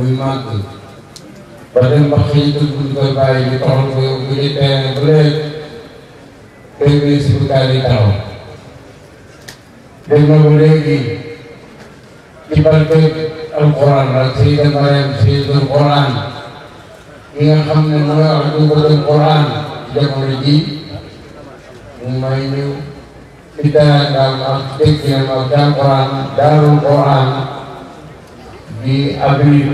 ويمات بعدين بخيت الدكتور باي يطرق ويقول لي بين بريك بين يسبق علي تاو بين بريكي كبر بيت القران سيد مريم سيد القران يا خمن الله عدوبة القران يا مريدي ومينو kita dalam aspek yang dalam Quran, dalam Quran, di abdi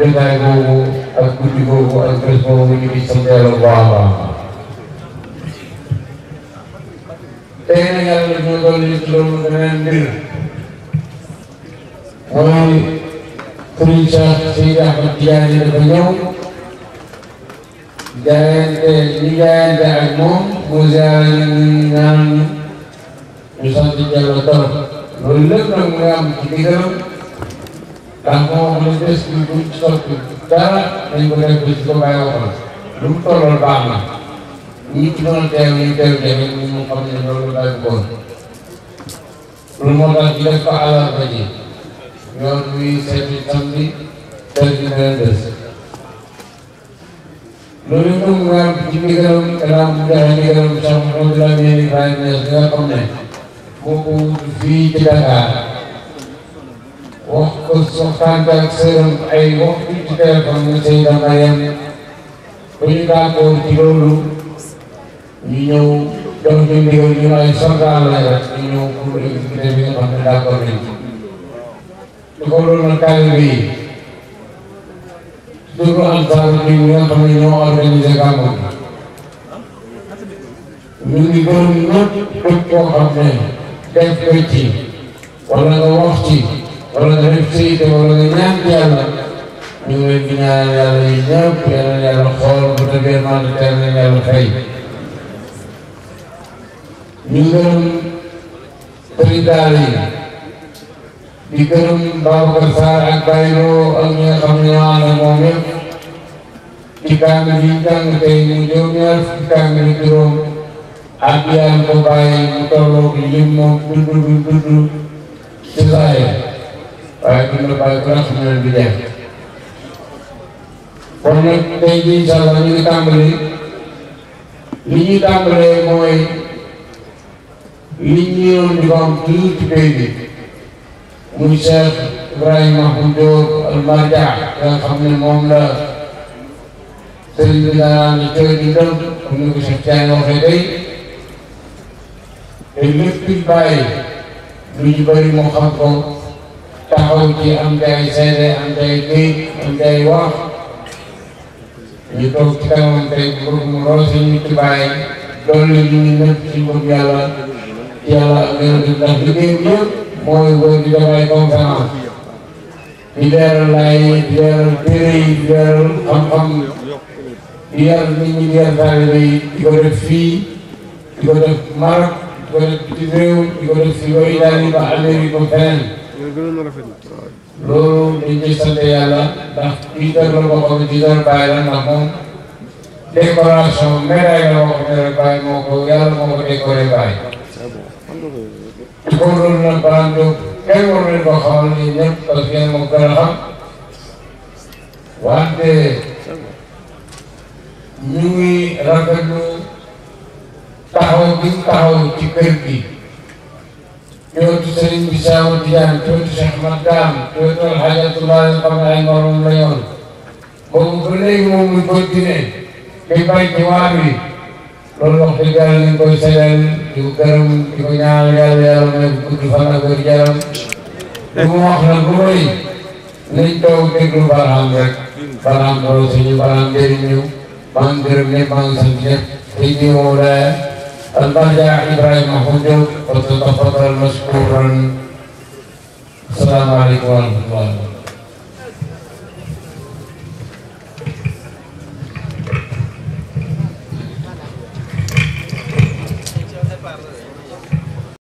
dengan guru aku juga buat terus mengikuti di sendal bawa. Tengah yang lebih dari seluruh negeri. Kami kerja tidak berjalan dengan penuh. Jangan terlihat dan muzakarah dengan musafir jawatan. Lelak dan ramai kita ତାଙ୍କ ଅନୁଷ୍ଠାନ ତାଙ୍କ ଖୁସି ପାଇବା ଇଟ୍ରାଇ ଲୋକ ଜାଗା ko waxtaan bi ak sëram ay waxtu ci téléphone na Seyda Mariam ba ñu d'accord ci loolu ñu ñëw jox ñu ndigal ñu ay soldaar lañ rek ñu ñëw pour exécuté bi nga xam ne d'accord nañ ci di ko loolu nag taalibe yi surtout Ansaaru bi nga xam ne ñoo organisé gàmmu ñu ngi gërëm ñëpp képp koo xam ne def ko ci wala nga wax ci wala nga def sa yitte wala nga ñaan yàlla ñu ngi leen di ñaanal yàlla yi ñëpp yàlla yàlla xool bu tëbee maanaam teel na yàlla fay. ñu ngi gërëm président yi di gërëm Babacar Sarr ak Bayroo ak ñi nga xam ne ñoo ànd ak moom yëpp ci kàng bi kàng tey ñu jëm ñaar fukki kàng bi juróom ak yàlla ko bàyyi mu tolloog lim moom dudd dudd ci saa waaye ñun la bàyyi ko nag xam bi jeex kon nag tey jii incha allah ñu ngi tàmbali mooy li ñu di ko am toujours ci pays bi muy Cheikh Ibrahima Khoundoor Almarja xam ne moom la sëriñ bi daan jóge di dem comme ni ko Cheikh Thiagne waxee tey te lépp bàyyi lu xam ko taxaw ci am day ay seede am day gëy am day wax ñu toog ci kanamam tey pour mu roose ñu ci bàyyi dolli ñu ñu ñëpp ci ngëm yàlla yàlla ak yonent bi ndax liggéey bi yëpp mooy boo di def ay conférence di leeral laay di leeral téere yi di leeral xam-xam di yar nit ñi di yar taalibe yi di ko def fii di ko def Maroc di ko def bitim réew di ko def si ba Italie ba Amérique ba feneen gënoon a loolu ñu ngi sant yàlla ndax kii la boo xam ne kii la ndax moom décoration médaille la boo xam ne bàyyi moo ko yàlla moo ko décoré loolu nag balaa ñu kenn waru leen koo xamal ni ñëpp parce que moom gën a wante ñu ngi rafetlu taxaw bi taxaw ci gi. sëriñ bi Saawu Tijaan tontu Cheikh Ahmad Daam tontu Alxaajatullaahi xam ne ay morom la yoon boobu ba léegi moom muy continué di bay ci waar wi loolu wax dëgg yàlla ñu ngi koy seedeel di ko gërëm di ko ñaanal yàlla yàlla may ko gudd fan ak wér yaram li mu wax nag lu bëri nañ toog déglu baraam rek baraam loolu suñu baraam njëriñ ñu maa ngi gërëm ñëpp maa ngi sant ñëpp te ñi woo Tentaja Ibrahim Mahmudud Betul-betul Muskuran Assalamualaikum warahmatullahi wabarakatuh